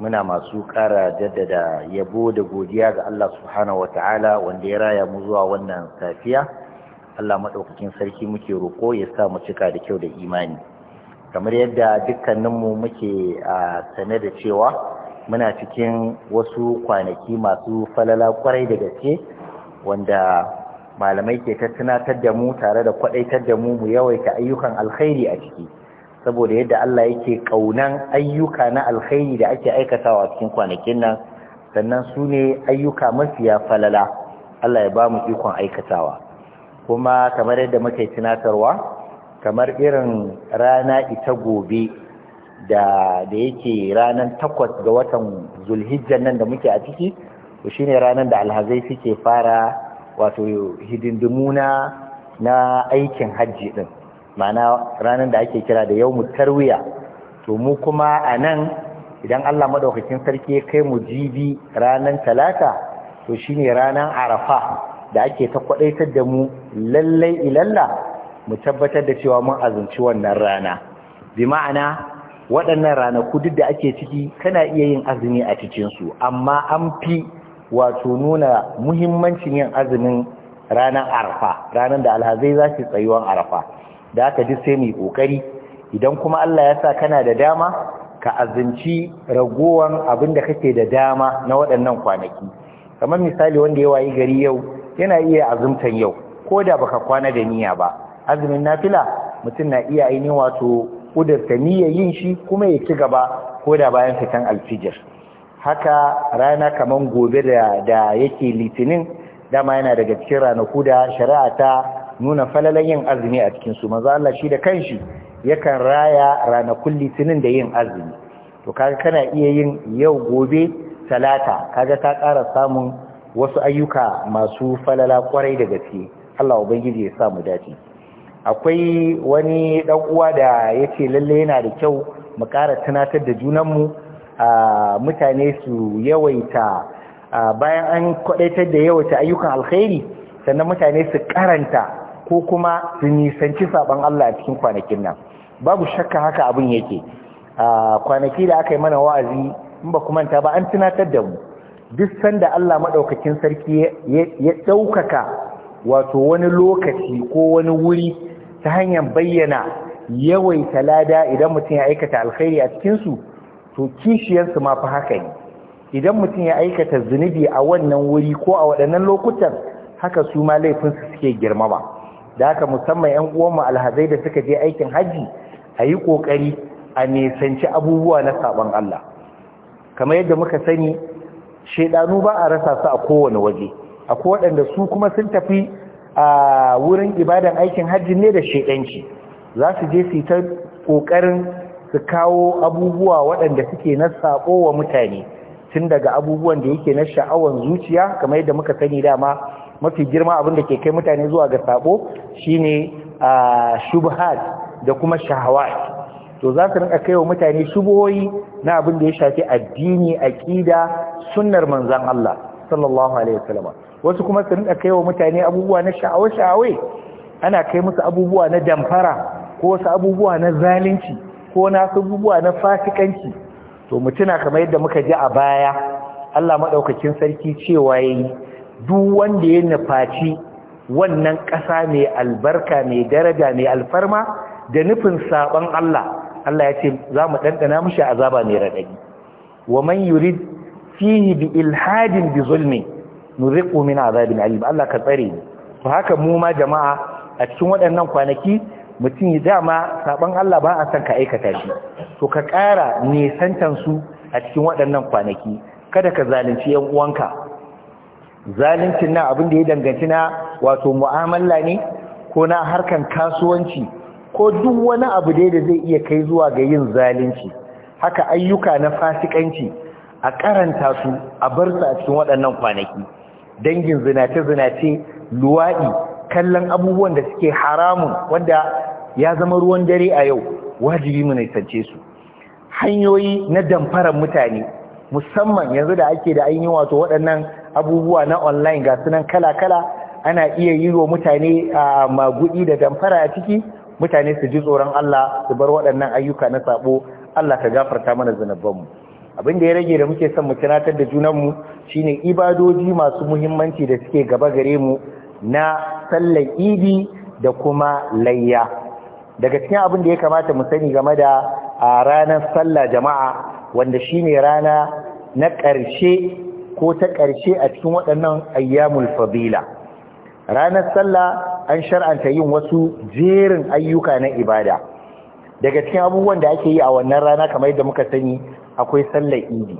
muna masu ƙara jaddada yabo da godiya ga Allah subhanahu wata'ala wanda ya raya mu zuwa wannan safiya Allah maɗaukakin sarki muke roƙo ya sa mu cika da kyau da imani kamar yadda dukkaninmu muke a sane da cewa muna cikin wasu kwanaki masu falala kwarai da gaske wanda malamai ke tattunatar da mu tare da kwaɗaitar da mu mu yawaita ayyukan alkhairi a ciki saboda yadda Allah yake kaunan ayyuka na alkhairi da ake aikatawa cikin kwanakin nan sannan su ne ayyuka mafiya falala Allah ya ba mu ikon aikatawa kuma kamar yadda muke tunatarwa kamar irin rana ita gobe da da yake ranan takwas ga watan zulhijjan nan da muke a ciki to shine ranar da alhazai suke fara wato hidindimu na aikin hajji din ma'ana ranar da ake kira da yau mu tarwiya to mu kuma a nan idan Allah madaukakin sarki ya kai mu jibi ranar talata to shine ranar arafa da ake ta kwadaitar da mu lallai ilalla mu tabbatar da cewa mun azumci wannan rana bi ma'ana waɗannan ranaku duk da ake ciki kana iya yin azumi a cikinsu amma an fi wato nuna muhimmancin yin azumin ranar arafa ranar da alhazai za su tsayuwan arafa da haka ji sai mai kokari idan kuma Allah ya sa kana da dama ka azinci ragowar abin da kake da dama na waɗannan kwanaki kamar misali wanda ya wayi gari yau yana iya azumtan yau ko da baka kwana da niyya ba azumin nafila mutum na iya ainihin wato ta niyya yin shi kuma ya ci gaba ko da bayan fitan alfijir haka rana kamar gobe da yake litinin dama yana daga cikin ranaku da shari'a ta nuna falalan yin azumi a cikin su manzo Allah shi da kanshi yakan raya ranakun litinin da yin azumi to kaga kana iya yin yau gobe talata kaga ka ƙara samun wasu ayyuka masu falala kwarai da gaske Allah ubangiji ya sa mu dace akwai wani dan uwa da yace lalle yana da kyau mu ƙara tunatar da junanmu mutane su yawaita bayan an kwadaitar da yawaita ayyukan alkhairi sannan mutane su karanta ko kuma su nisanci saban Allah a cikin kwanakin nan babu shakka haka abin yake kwanaki da aka yi mana wa'azi in ba kuma ta ba an tunatar da mu duk sanda Allah madaukakin sarki ya ɗaukaka wato wani lokaci ko wani wuri ta hanyar bayyana yawaita lada idan mutum ya aikata alkhairi a cikin su to kishiyarsu ma fa haka ne idan mutum ya aikata zunubi a wannan wuri ko a waɗannan lokutan haka su ma laifinsu suke girmama da haka musamman yan uwanmu alhazai da suka je aikin haji a yi ƙoƙari a nisanci abubuwa na saɓon Allah kamar yadda muka sani shaidanu ba a rasa su a kowane waje akwai waɗanda su kuma sun tafi a wurin ibadan aikin hajji ne da shaidanci za su je su ta ƙoƙarin su kawo abubuwa waɗanda suke na saƙo wa mutane tun daga abubuwan da yake na sha'awan zuciya kamar yadda muka sani dama mafi girma abin da ke kai mutane zuwa ga sabo shine shubhat da kuma shahawat to za su rinka kaiwa mutane shubhoyi na abin da ya shafi addini aqida sunnar manzon Allah sallallahu alaihi wasallam wasu kuma su rinka kaiwa mutane abubuwa na sha'awa sha'awai ana kai musu abubuwa na damfara ko wasu abubuwa na zalunci ko na abubuwa na fasikanci to mutuna kamar yadda muka ji a baya Allah madaukakin sarki cewa yayi duk wanda ya nufaci wannan ƙasa mai albarka mai daraja mai alfarma da nufin saban Allah Allah ya ce za mu ɗanɗana mashi azaba mai raɗaɗi wa man yurid fihi bi ilhadin bi zulmi nuriqu min azabin alim Allah ka tsare ni to haka mu ma jama'a a cikin waɗannan kwanaki mutum ya dama saban Allah ba a san ka aikata shi to ka ƙara nisantan su a cikin waɗannan kwanaki kada ka zalunci yan uwanka zaluncin na abin da ya danganci na wato mu'amala ne ko na harkan kasuwanci ko duk wani abu dai da zai iya kai zuwa ga yin zalunci haka ayyuka na fasikanci a karanta su a bar su a cikin waɗannan kwanaki dangin zinace-zinace luwaɗi kallon abubuwan da suke haramun wanda ya zama ruwan dare a yau wajibi mu nisance su hanyoyi na damfarar mutane musamman yanzu da ake da ainihin wato waɗannan abubuwa na online ga sunan kala-kala ana iya yi wa mutane a magudi da damfara a ciki mutane su ji tsoron Allah su bar waɗannan ayyuka na sabo Allah ka gafarta mana zunubanmu abin da ya rage da muke son mu tunatar da junanmu shine ibadoji masu muhimmanci da suke gaba gare mu na sallar idi da kuma layya daga cikin abin da ya kamata mu sani game da ranar sallah jama'a wanda shine rana na ƙarshe ko ta ƙarshe a cikin waɗannan ayyamul fadila ranar sallah an shar'anta yin wasu jerin ayyuka na ibada daga cikin abubuwan da ake yi a wannan rana kamar yadda muka sani akwai sallar idi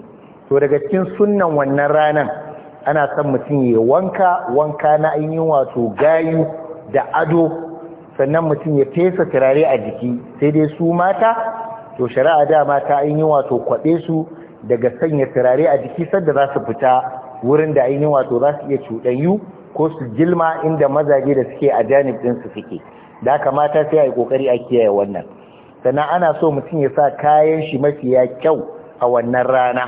to daga cikin sunnan wannan ranan ana son mutum ya wanka wanka na ainihin wato gayu da ado sannan mutum ya fesa turare a jiki sai dai su mata to shari'a da mata ainihin wato kwaɗe su daga sanya turare a jiki sadda za su fita wurin da ainihin wato za su iya cuɗanyu ko su gilma inda mazaje da suke a janib ɗin su suke da kamata sai a yi ƙoƙari a kiyaye wannan sannan ana so mutum ya sa kayan shi mafiya kyau a wannan rana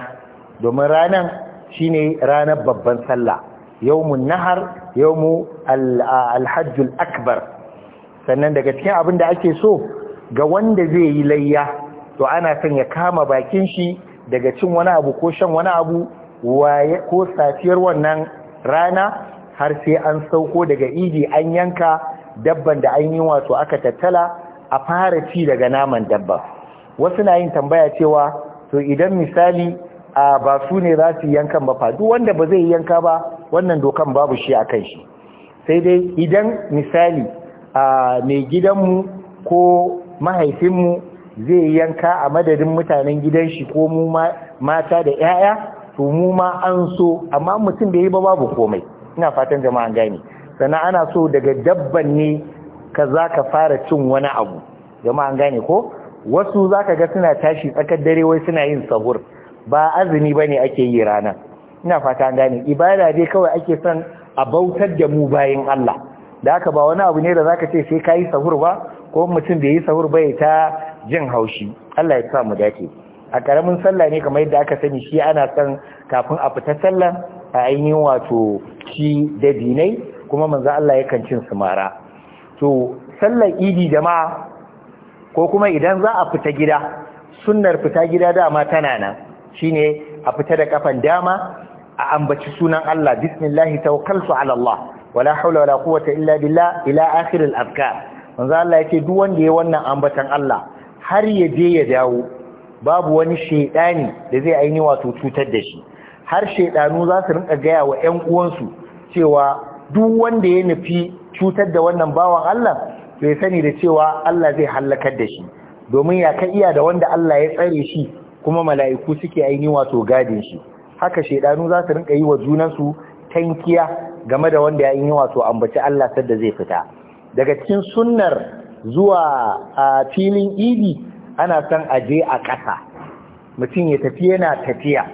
domin ranan shine ranar babban sallah yau nahar mu alhajjul akbar sannan daga cikin abin da ake so ga wanda zai yi layya to ana son ya kama bakin shi daga cin wani abu ko shan wani abu ko safiyar wannan rana har sai an sauko daga idi an yanka dabban da an yi wato aka tattala a fara ci daga naman dabba wasu na yin tambaya cewa to idan misali a ba su ne za su yankan ba fa wanda ba zai yanka ba wannan dokan babu shi a kan shi sai dai idan misali a mai gidanmu ko mahaifinmu zai yanka a madadin mutanen gidan shi ko mu mata da 'ya'ya to mu ma an so amma mutum bai yi ba babu komai ina fatan jama'a gane sannan ana so daga dabban ne ka za ka fara cin wani abu jama'a gane ko wasu za ka ga suna tashi tsakar dare wai suna yin sahur ba azumi ba ne ake yi rana ina fata gane ibada dai kawai ake son a bautar da mu bayan Allah da haka ba wani abu ne da za ka ce sai ka yi sahur ba ko mutum bai yi sahur ba ya ta jin haushi Allah ya sa mu dace a karamin sallah ne kamar yadda aka sani shi ana san kafin a fita sallah a ainihin wato shi da dinai kuma manzo Allah yakan cin sumara to sallar idi jama'a ko kuma idan za a fita gida sunnar fita gida dama tana nan shine a fita da kafan dama a ambaci sunan Allah bismillah tawakkaltu ala Allah wala haula wala quwwata illa billah ila akhir al-afkar manzo Allah yake duk wanda ya wannan ambatan Allah har ya je ya dawo babu wani shaidani da zai aini wato cutar da shi har shaidanu za su rinka gaya wa ƴan uwansu cewa duk wanda ya nufi cutar da wannan bawan Allah ya sani da cewa Allah zai halakar da shi domin ya ka iya da wanda Allah ya tsare shi kuma mala'iku suke aini wato gadin shi haka shaidanu za su rinka yi wa junansu tankiya game da wanda ya yi wato ambaci Allah sadda zai fita daga cikin sunnar zuwa a filin idi ana son a a ƙasa mutum ya tafi yana tafiya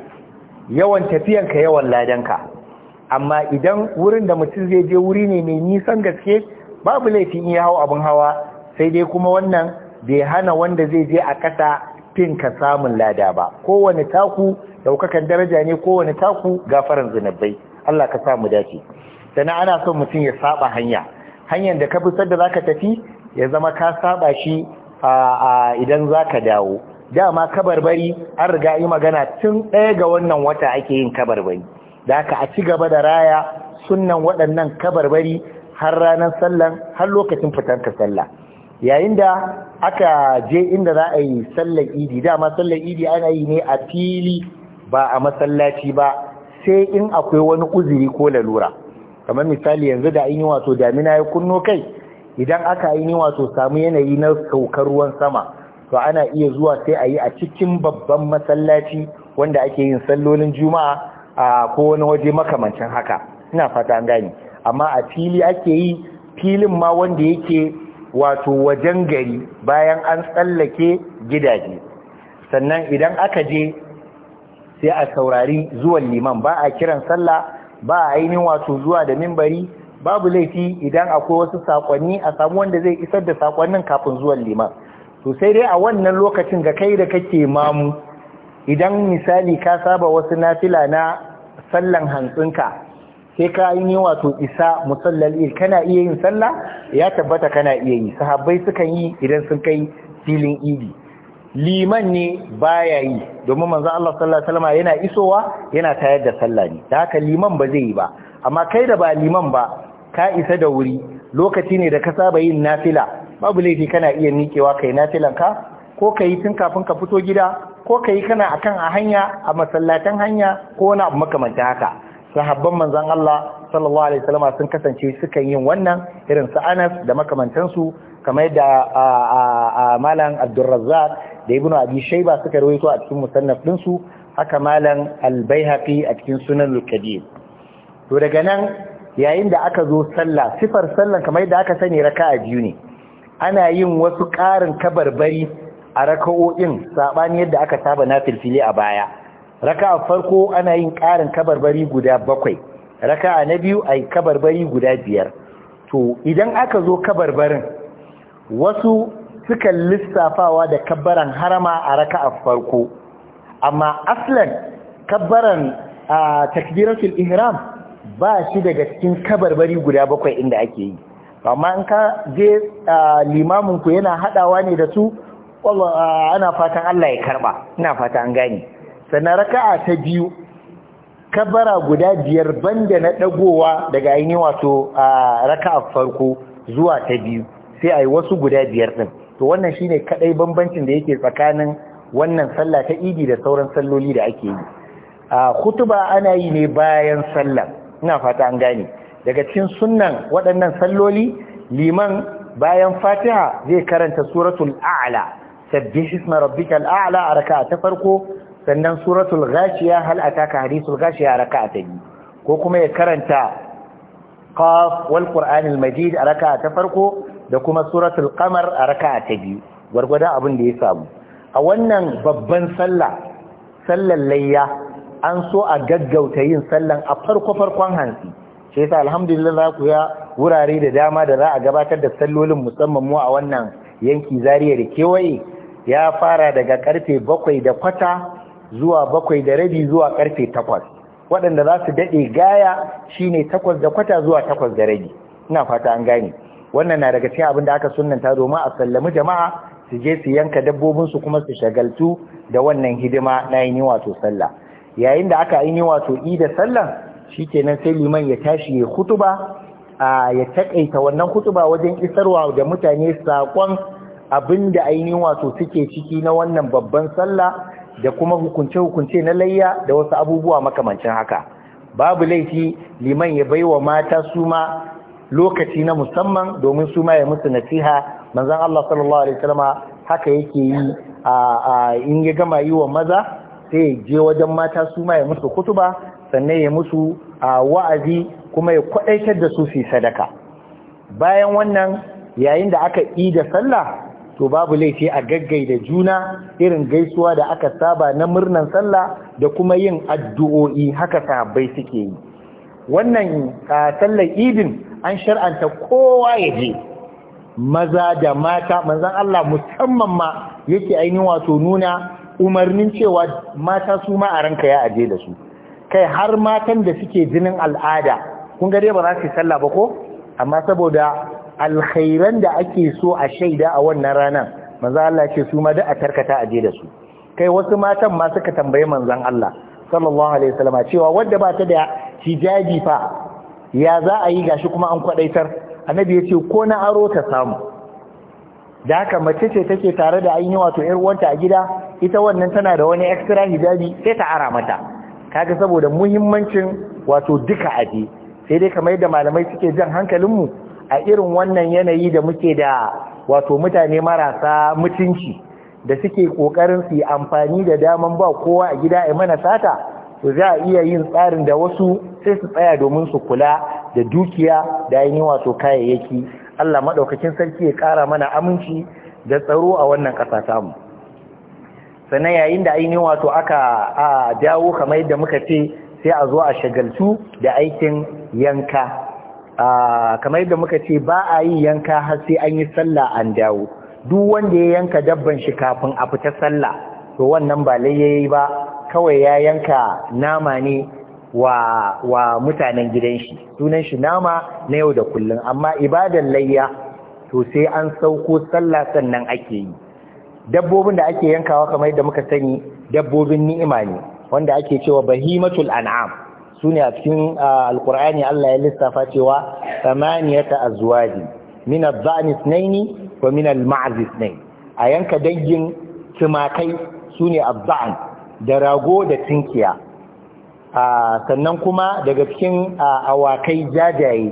yawan tafiyanka yawan ka. amma idan wurin da mutum zai je wuri ne mai nisan gaske babu laifin iya hau abin hawa sai dai kuma wannan bai hana wanda zai je a ƙasa fin ka samun lada ba kowane taku daukakan daraja ne kowane taku gafaran zunubai Allah ka samu dace sannan ana son mutum ya saba hanya hanyar da ka fi sadda zaka tafi ya zama ka saba shi idan za ka dawo dama kabarbari an riga yi magana tun ɗaya ga wannan wata ake yin kabarbari da aka a ci gaba da raya sunan waɗannan kabarbari har ranar sallan har lokacin fitar ka sallah yayin da aka je inda za a yi sallar idi dama sallar idi ana yi ne a fili ba a masallaci ba sai in akwai wani uzuri ko lalura kamar misali yanzu da an yi wato damina ya kunno kai idan aka yi ni wato samu yanayi na saukar ruwan sama to ana iya zuwa sai a yi a cikin babban masallaci wanda ake yin sallolin juma'a a ko wani waje makamancin haka ina fata an gani amma a fili ake yi filin ma wanda yake wato wajen gari bayan an tsallake gidaje sannan idan aka je sai a saurari zuwan liman ba a kiran sallah ba a ainihin wato zuwa da mimbari babu laifi idan akwai wasu sakonni a samu wanda zai isar da sakonnin kafin zuwan liman to sai dai a wannan lokacin ga kai da kake mamu idan misali ka saba wasu nafila na sallan hantsinka sai ka yi wato isa musallal il kana iya yin sallah ya tabbata kana iya yi sahabbai sukan yi idan sun kai filin idi liman ne baya yi domin manzo Allah sallallahu alaihi wasallam yana isowa yana tayar da sallah ne da haka liman ba zai yi ba amma kai da ba liman ba ka isa da wuri lokaci ne da ka saba yin nafila babu laifi kana iya miƙewa kai nafilan ka ko kai tun kafin ka fito gida ko kai kana akan a hanya a masallatan hanya ko wani abu makamanta haka sahabban manzon Allah sallallahu alaihi wasallam sun kasance suka yin wannan irin su Anas da makamantansu kamar da malam Abdurrazzaq da Ibn Abi Shayba suka rawaito a cikin musannaf ɗinsu haka malam Al-Baihaqi a cikin Sunan Al-Kabir to daga nan yayin da aka zo sallah sifar sallan kamar yadda aka sani raka'a biyu ne ana yin wasu ƙarin kabarbari a raka'o'in sabani yadda aka saba na filfili a baya raka'a farko ana yin ƙarin kabarbari guda bakwai raka'a na biyu ai kabarbari guda biyar to idan aka zo kabarbarin wasu suka lissafawa da kabbaran harama a raka'a farko amma aslan kabbaran takbiratul ihram ba shi daga cikin kabarbari guda bakwai inda ake yi amma in ka je limamin ku yana haɗawa ne da su ana fatan Allah ya karɓa, ina fata an gane sannan raka'a ta biyu kabara guda biyar banda na ɗagowa daga ainihin wato raka'a farko zuwa ta biyu sai a yi wasu guda biyar din to wannan shine kadai bambancin da yake tsakanin wannan sallah ta idi da sauran salloli da ake yi a hutuba ana yi ne bayan sallah ina fata an gane daga cikin sunnan waɗannan salloli liman bayan fatiha zai karanta suratul a'la sabbih isma rabbikal a'la a raka'a ta farko sannan suratul ghashiya hal ataka hadithul ghashiya a raka'a ta biyu ko kuma ya karanta qaf wal qur'anil majid a raka'a ta farko da kuma suratul qamar a raka'a ta biyu gwargwadon abin da ya samu a wannan babban sallah sallar layya an so a gaggauta yin sallan a farko-farkon hansi shi yasa alhamdulillah za ku ya wurare da dama da za a gabatar da sallolin musamman mu a wannan yanki zariya da kewaye ya fara daga karfe bakwai da kwata zuwa bakwai da rabi zuwa karfe takwas waɗanda za su daɗe gaya shine takwas da kwata zuwa takwas da rabi ina fata an gane wannan na daga cikin abin da aka sunanta domin a sallami jama'a su je su yanka dabbobinsu kuma su shagaltu da wannan hidima na yin wato sallah yayin da aka yi wato ida sallan shikenan sai liman ya tashi ya hutuba a ya takaita wannan hutuba wajen isarwa da mutane sakon abinda ainihin wato suke ciki na wannan babban sallah da kuma hukunce-hukunce na layya da wasu abubuwa makamancin haka babu laifi liman ya bai wa mata su ma lokaci na musamman domin su ma ya musu nasiha manzon Allah sallallahu alaihi wasallam haka yake yi in ya gama yi wa maza sai je wajen mata su ma ya musu kutuba sannan ya musu a wa'azi kuma ya kwaɗaitar da su fi sadaka bayan wannan yayin da aka yi da sallah to babu laifi a gaggai da juna irin gaisuwa da aka saba na murnan sallah da kuma yin addu'o'i haka sahabbai suke yi wannan sallar idin an shar'anta kowa ya je maza da mata manzan Allah musamman ma yake ainihin wato nuna umarnin cewa mata su ma a ranka ya aje da su kai har matan da suke jinin al'ada kun ga dai ba za su sallah ba ko amma saboda alkhairan da ake so a shaida a wannan ranar maza Allah ce su ma da a tarkata aje da su kai wasu matan ma suka tambaye manzon Allah sallallahu alaihi wasallam cewa wanda ba ta da hijabi fa ya za a yi gashi kuma an kwadaitar annabi ya ce ko na aro ta samu da haka mace ce take tare da ainihin wato ƴar uwanta a gida ita wannan tana da wani extra hijabi sai ta ara mata kaga saboda muhimmancin wato duka aje sai dai kamar yadda malamai suke jan hankalin mu a irin wannan yanayi da muke da wato mutane marasa mutunci da suke kokarin su yi amfani da daman ba kowa a gida a mana sata to za a iya yin tsarin da wasu sai su tsaya domin su kula da dukiya da ainihin wato kayayyaki Allah maɗaukakin sarki ya ƙara mana aminci da tsaro a wannan ƙasa samu sannan yayin da ainihin wato aka a dawo kamar yadda muka ce sai a zo a shagaltu da aikin yanka kamar yadda muka ce ba a yi yanka har sai an yi sallah an dawo duk wanda ya yanka dabban shi kafin a fita sallah to wannan ba layayi ba kawai ya yanka nama ne wa wa mutanen gidan shi sunan shi nama na yau da kullun amma ibadan layya to sai an sauko sallah sannan ake yi dabbobin da ake yankawa kamar yadda muka sani dabbobin ni'ima ne wanda ake cewa bahimatul an'am sune a cikin alqur'ani Allah ya lissafa cewa samaniyata azwaji min adh-dhani ithnaini wa min al-ma'z ithnain a yanka dangin tumakai sune adh da rago da tinkiya sannan kuma daga cikin awakai jajaye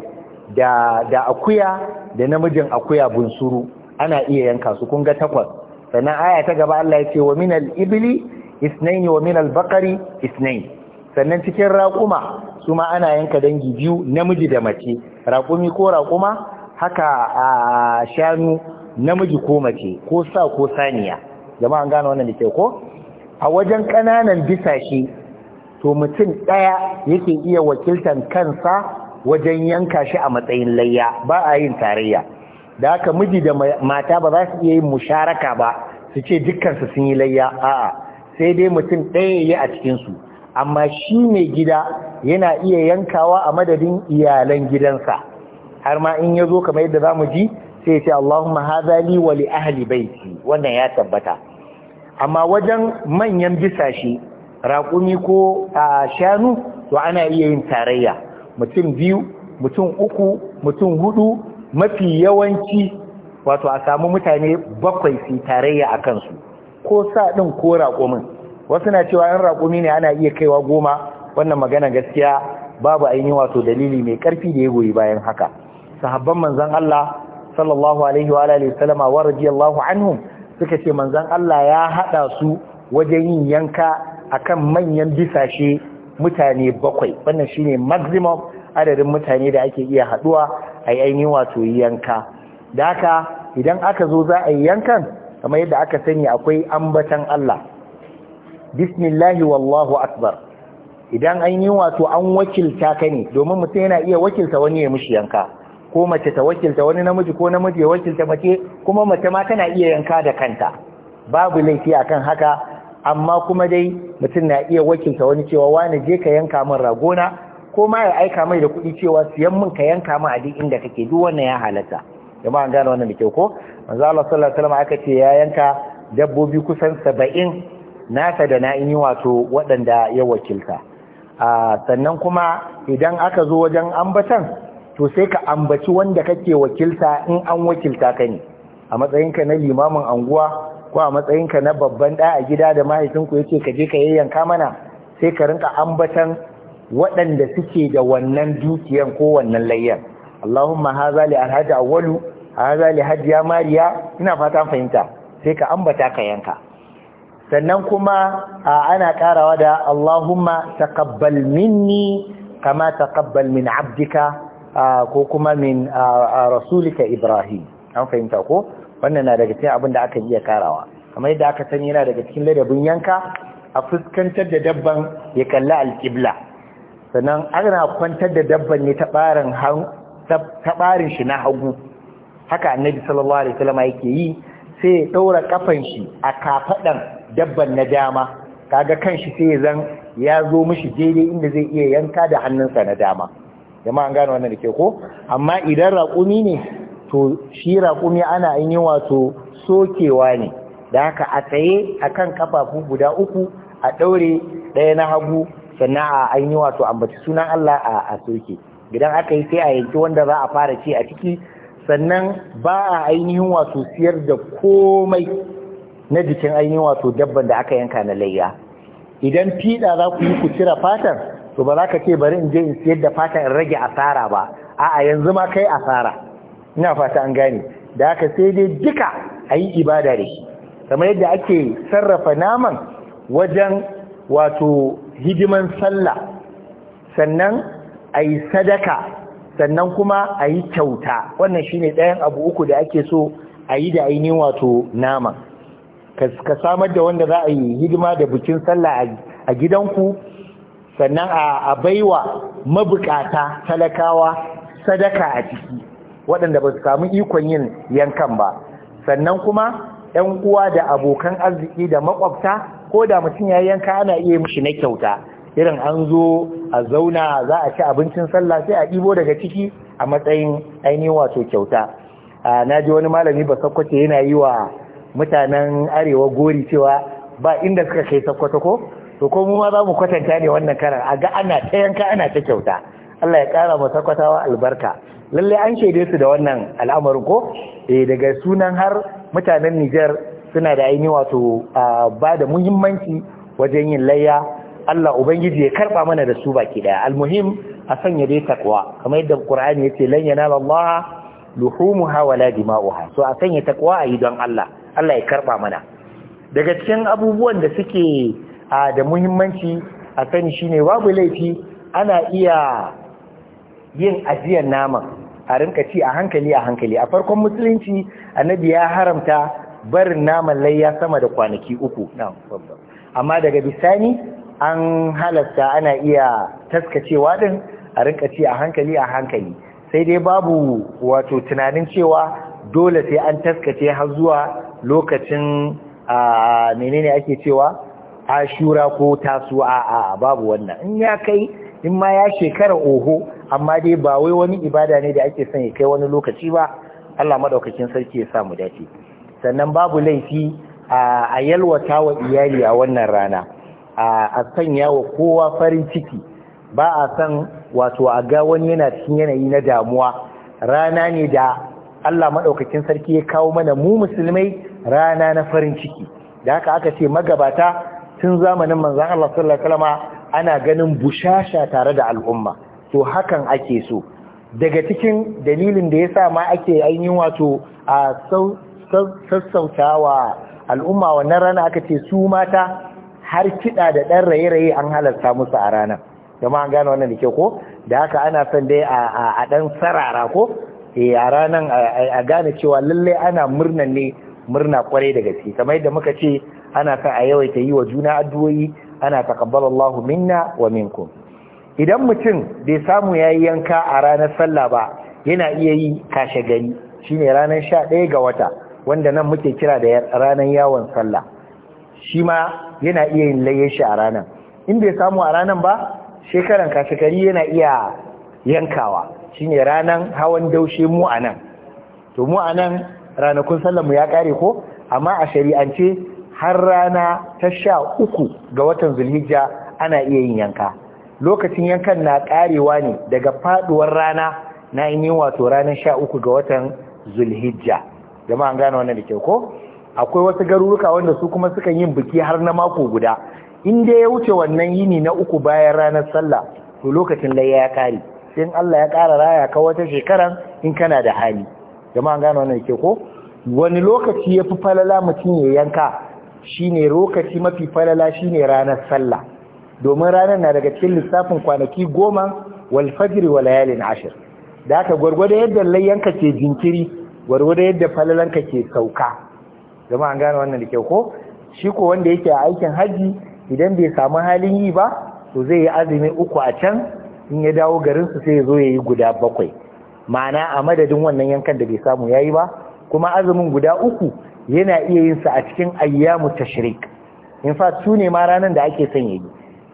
da akuya da namijin akuya bunsuru ana iya yanka su kun ga takwas sannan aya ta gaba Allah ya ce wa minal ibli isnaini wa minal bakari isnaini sannan cikin raƙuma su ma ana yanka dangi biyu namiji da mace raƙumi ko raƙuma haka a shanu namiji ko mace ko sa ko saniya jama'an an gane wannan da ke ko a wajen ƙananan bisashe to mutum ɗaya yake iya wakiltar kansa wajen yanka shi a matsayin layya ba a yin tarayya da haka miji da mata ba za su iya yin musharaka ba su ce dukkansu sun yi layya a'a sai dai mutum ɗaya yi a cikinsu amma shi mai gida yana iya yankawa a madadin iyalan gidansa har ma in yazo kamar yadda za mu ji sai ce Allahumma hadha li wa li ahli baiti wannan ya tabbata amma wajen manyan bisa raƙumi ko a shanu to ana iya yin tarayya mutum biyu mutum uku mutum hudu mafi yawanci wato a samu mutane bakwai su tarayya a kansu ko sa ɗin ko raƙumin wasu na cewa yan raƙumi ne ana iya kaiwa goma wannan magana gaskiya babu ainihin wato dalili mai ƙarfi da ya goyi bayan haka sahabban manzon Allah sallallahu alaihi wa alihi wa radiyallahu anhum suka ce manzon Allah ya hada su wajen yin yanka akan manyan bisashe mutane bakwai wannan shine maximum adadin mutane da ake iya haduwa a ainihin wato yanka da haka idan aka zo za a yi yankan kamar yadda aka sani akwai ambatan Allah bismillahi wallahu akbar idan ainihin wato an wakilta ka ne domin mutum yana iya wakilta wani ya mushi yanka ko mace ta wakilta wani namiji ko namiji ya wakilta mace kuma mace ma tana iya yanka da kanta babu laifi akan haka amma kuma dai mutum na iya wakilta wani cewa wani je ka yanka min ragona ko ma ya aika mai da kuɗi cewa siyan min ka yanka min a duk inda kake duk wannan ya halatta jama'a an gane wannan da kyau ko manzo Allah sallallahu alaihi wasallam aka ce ya yanka dabbobi kusan 70 nasa da na'ini wato waɗanda ya wakilta a sannan kuma idan aka zo wajen ambatan to sai ka ambaci wanda kake wakilta in an wakilta ka ne a matsayinka na limamin anguwa ko a matsayinka na babban ɗa a gida da mahaifinku yace ka je ka yayyanka mana sai ka rinka ambatan waɗanda suke da wannan dukiyan ko wannan layyan Allahumma haza li alhaji awwalu haza li ya mariya ina fata fahimta sai ka ambata ka yanka sannan kuma ana karawa da Allahumma taqabbal minni kama taqabbal min abdika ko kuma min rasulika Ibrahim an fahimta ko wannan na daga cikin abin da aka iya karawa kamar yadda aka sani yana daga cikin ladabin yanka a fuskantar da dabban ya kalli alƙibla sannan ana kwantar da dabban ne ta ɓarin shi na hagu haka annabi sallallahu alaihi wasallam yake yi sai ya ɗaura kafan shi a kafaɗan dabban na dama kaga kan shi sai ya zan ya zo mishi daidai inda zai iya yanka da hannunsa na dama jama'an gano wannan da ke ko amma idan raƙumi ne to shi raƙumi ana an yi wato sokewa ne da haka a tsaye a kan kafafu guda uku a ɗaure ɗaya na hagu sannan a an yi wato ambaci sunan Allah a soke idan aka yi sai a yanki wanda za a fara ci a ciki sannan ba a ainihin wato siyar da komai na jikin ainihin wato dabban da aka yanka na layya idan fiɗa za ku yi ku cire fatan to ba za ka ce bari in je in siyar da fatan in rage asara ba a'a yanzu ma kai asara ina fata an gane da haka sai dai duka ayi ibada da shi kamar yadda ake sarrafa naman wajen wato hidiman sallah sannan a yi sadaka sannan kuma a yi kyauta wannan shine ɗayan abu uku da ake so a yi da ainihin wato naman ka samar da wanda za a yi hidima da bikin sallah a gidanku sannan a baiwa mabukata talakawa sadaka a ciki waɗanda ba su samu ikon yin yankan ba sannan kuma 'yan uwa da abokan arziki da makwabta ko da mutum ya yanka ana iya mishi na kyauta irin an zo a zauna za a ci abincin sallah sai a ɗibo daga ciki a matsayin ainihin wato kyauta na ji wani malami ba sakkwace yana yi wa mutanen arewa gori cewa ba inda suka kai sakkwata ko to ko mu ma za mu kwatanta ne wannan karar a ga ana ta yanka ana ta kyauta Allah ya ƙara masa kwatawa albarka lallai an shaide su da wannan al'amarin ko eh daga sunan har mutanen Nijar suna da aini wato ba da muhimmanci wajen yin layya Allah ubangiji ya karɓa mana da su baki ɗaya almuhim a sanya dai takwa kamar yadda Qur'ani yace lan yanala Allah luhumuha wala dima'uha so a sanya takwa a yi don Allah Allah ya karɓa mana daga cikin abubuwan da suke da muhimmanci a sani shine babu laifi ana iya yin ajiyar naman a rinka ci a hankali a hankali a farkon musulunci annabi ya haramta barin naman layya sama da kwanaki uku amma daga bisani an halasta ana iya taskacewa din a rinka ci a hankali a hankali sai dai babu wato tunanin cewa dole sai an taskace har zuwa lokacin a menene ake cewa ashura ko tasu a a babu wannan in ya kai in ma ya shekara oho amma dai ba wai wani ibada ne da ake son ya kai wani lokaci ba Allah madaukakin sarki ya samu dace sannan babu laifi a yalwata wa iyali a wannan rana a sanya wa kowa farin ciki ba a san wato a ga wani yana cikin yanayi na damuwa rana ne da Allah madaukakin sarki ya kawo mana mu musulmai rana na farin ciki da haka aka ce magabata tun zamanin manzon Allah sallallahu alaihi wasallam ana ganin bushasha tare da al'umma to hakan ake so daga cikin dalilin da ya sa ma ake ainihin wato a sassautawa al'umma wannan rana aka ce su mata har kiɗa da ɗan raye-raye an halarta musu a ranar jama an gano wannan da ke ko da haka ana son dai a ɗan sarara ko eh, a ranar a gane cewa lallai ana murnan ne murna kwarai da gaske kamar yadda muka ce ana son a yawaita yi wa juna addu'o'i ana takabbalallahu minna wa minkum idan mutum bai samu ya yi yanka a ranar sallah ba yana iya yi kashe gari ne ranar sha ɗaya ga wata wanda nan muke kira da ranar yawon sallah shi ma yana iya yin layyar shi a ranar in bai samu a ranar ba shekaran kashe gari yana iya yankawa Shi ne ranar hawan daushe mu a nan to mu a nan ranakun Sallah mu ya kare ko amma a shari'ance har rana ta sha uku ga watan zulhijja ana iya yin yanka lokacin yankan na karewa ne daga faduwar rana na yi wato ranar sha uku ga watan zulhijja jama'a an gane wannan da kyau ko akwai wasu garuruka wanda su kuma suka yin biki har na mako guda Inda ya wuce wannan yini na uku bayan ranar sallah to lokacin layya ya kare sai Allah ya kara raya ka wata shekaran in kana da hali jama'a an gane wannan da kyau ko wani lokaci yafi falala mutum ya yanka shine lokaci mafi falala shine ranar sallah domin ranar na daga cikin lissafin kwanaki goma wal fajri wa layalin ashir da haka gwargwado yadda layyanka ke jinkiri gwargwado yadda falalanka ke sauka zama an gane wannan da kyau ko shi ko wanda yake a aikin hajji idan bai samu halin yi ba to zai yi azumi uku a can in ya dawo garinsu sai ya zo ya yi guda bakwai ma'ana a madadin wannan yankan da bai samu ya yi ba kuma azumin guda uku yana iya yin sa a cikin ayyamu tashrik in fa su ne ma ranar da ake son yayi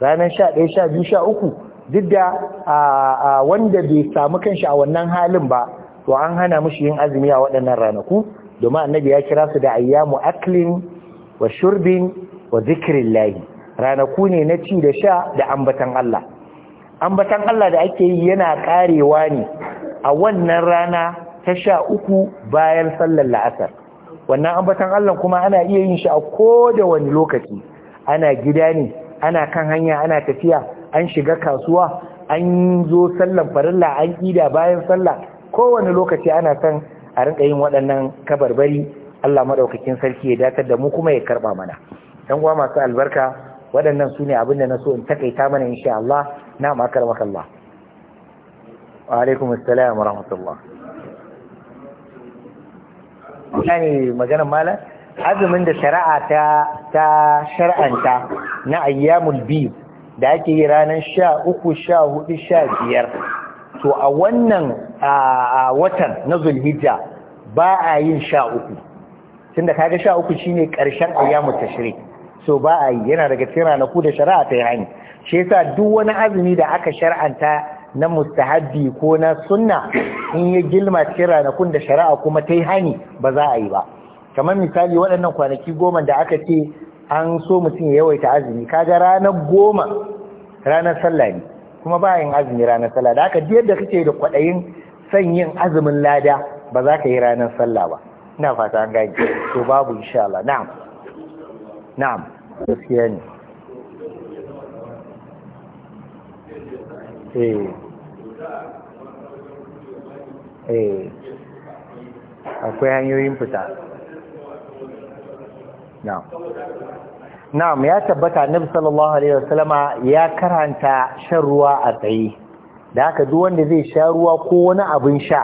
ranar sha ɗaya sha biyu sha uku duk da wanda bai samu kanshi a wannan halin ba to an hana mushi yin azumi a waɗannan ranaku domin annabi ya kira su da ayyamu aklin wa shurbin wa zikirin layi ranaku ne na ci da sha da ambatan Allah ambatan Allah da ake yi yana karewa ne a wannan rana ta sha uku bayan sallar la'asar wannan ambatan Allah kuma ana iya yin shi a ko da wani lokaci ana gida ne ana kan hanya ana tafiya an shiga kasuwa an zo sallan farilla an ida bayan sallah kowane lokaci ana son a rinka yin waɗannan kabarbari Allah madaukakin sarki ya datar da mu kuma ya karba mana dan uwa masu albarka waɗannan su ne abin da na so in takaita mana insha Allah na makar makallah wa alaikum assalam wa rahmatullah yani maganar malam azumin da shari'a ta ta shar'anta na ayyamul biyu da ake yi ranar sha uku sha hudu sha biyar to a wannan watan na zulhijja ba a yin sha uku tun da kaga sha uku shine karshen ayyamul tashri so ba a yi yana daga cikin ranaku da shari'a ta yi hani shi yasa duk wani azumi da aka shar'anta na mustahabbi ko na sunna in ya gilma cikin ranakun da shari'a kuma ta yi hani ba za a yi ba kamar misali waɗannan kwanaki goma da aka ce an so mutum ya yawaita azumi kaga ranar goma ranar sallah ne kuma ba yin azumi ranar sallah da aka diyar da kake da kwaɗayin son yin azumin lada ba za ka yi ranar sallah ba ina fata an gaji to babu insha Allah na'am na'am gaskiya ne eh eh akwai hanyoyin fita na'am ya tabbata annabi sallallahu alaihi wasallama ya karanta shan ruwa a tsaye da haka duk wanda zai sha ruwa ko wani abin sha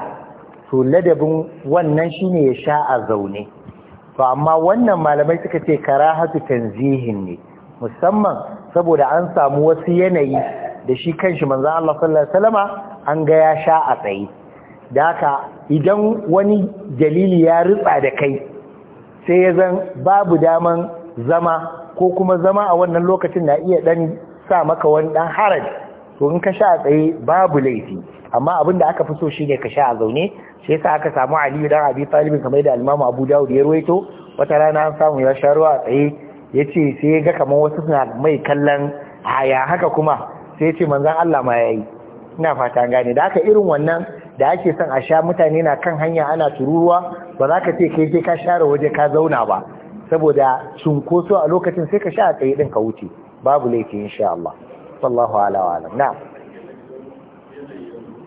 to ladabin wannan shine ya sha a zaune to amma wannan malamai suka ce karahatu tanzihin ne musamman saboda an samu wasu yanayi da shi kanshi manzo Allah sallallahu alaihi wasallama an ga ya sha a tsaye da haka idan wani dalili ya ritsa da kai sai ya zan babu daman zama ko kuma zama a wannan lokacin na iya dan sa maka wani dan haraji to in ka sha a tsaye babu laifi amma abin da aka fi so shine ka sha a zaune shi yasa aka samu Aliyu dan Abi Talib kamar da Imam Abu Dawud ya ruwaito wata rana an samu ya sha ruwa tsaye yace sai ya ga kamar wasu suna mai kallon haya haka kuma sai yace manzon Allah ma yayi ina fata gane da haka irin wannan da ake son a sha mutane na kan hanya ana tururuwa ba za ka ce kai sai ka share waje ka zauna ba saboda cunkoso a lokacin sai ka sha a tsaye ɗin ka wuce babu laifi insha Allah sallahu ala wa na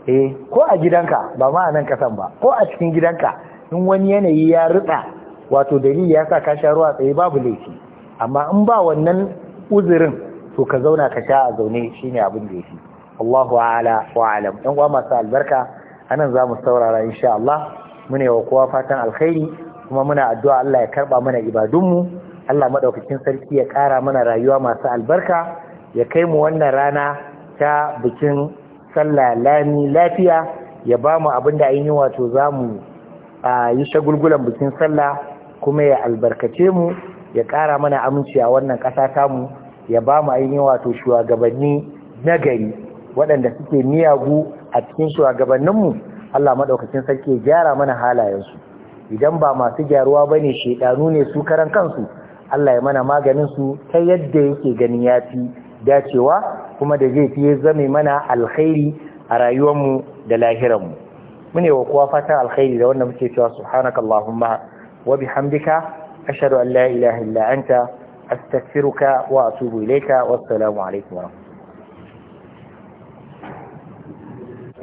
eh ko a gidanka ba ma a nan kasan ba ko a cikin gidanka in wani yanayi ya rutsa wato dalili ya sa ka sha ruwa tsaye babu laifi amma in ba wannan uzurin to ka zauna ka sha a zaune shine abin da yake Allahu ala wa'alam. ɗan uwa masu albarka anan za mu saurara insha Allah muna yi wa kowa fatan alkhairi kuma muna addu'a Allah ya karba mana ibadunmu Allah madaukakin sarki ya ƙara mana rayuwa masu albarka ya kai mu wannan rana ta bikin sallah lami lafiya ya ba mu abin da ainihin wato za mu yi shagulgulan bikin sallah kuma ya albarkace mu ya ƙara mana aminci a wannan ƙasa mu ya ba mu ainihin wato shugabanni nagari waɗanda suke miyagu a cikin shugabanninmu Allah madaukakin sarki ya gyara mana halayensu idan ba masu gyaruwa bane shedanu ne su karan kansu Allah ya mana maganin su ta yadda yake ganin fi dacewa kuma da zai fiye zame mana alkhairi a rayuwarmu da lahiranmu mune wa kowa fatan alkhairi da wannan muke cewa allahumma wa bihamdika ashhadu an la ilaha illa anta astaghfiruka wa atubu ilayka wassalamu alaikum wa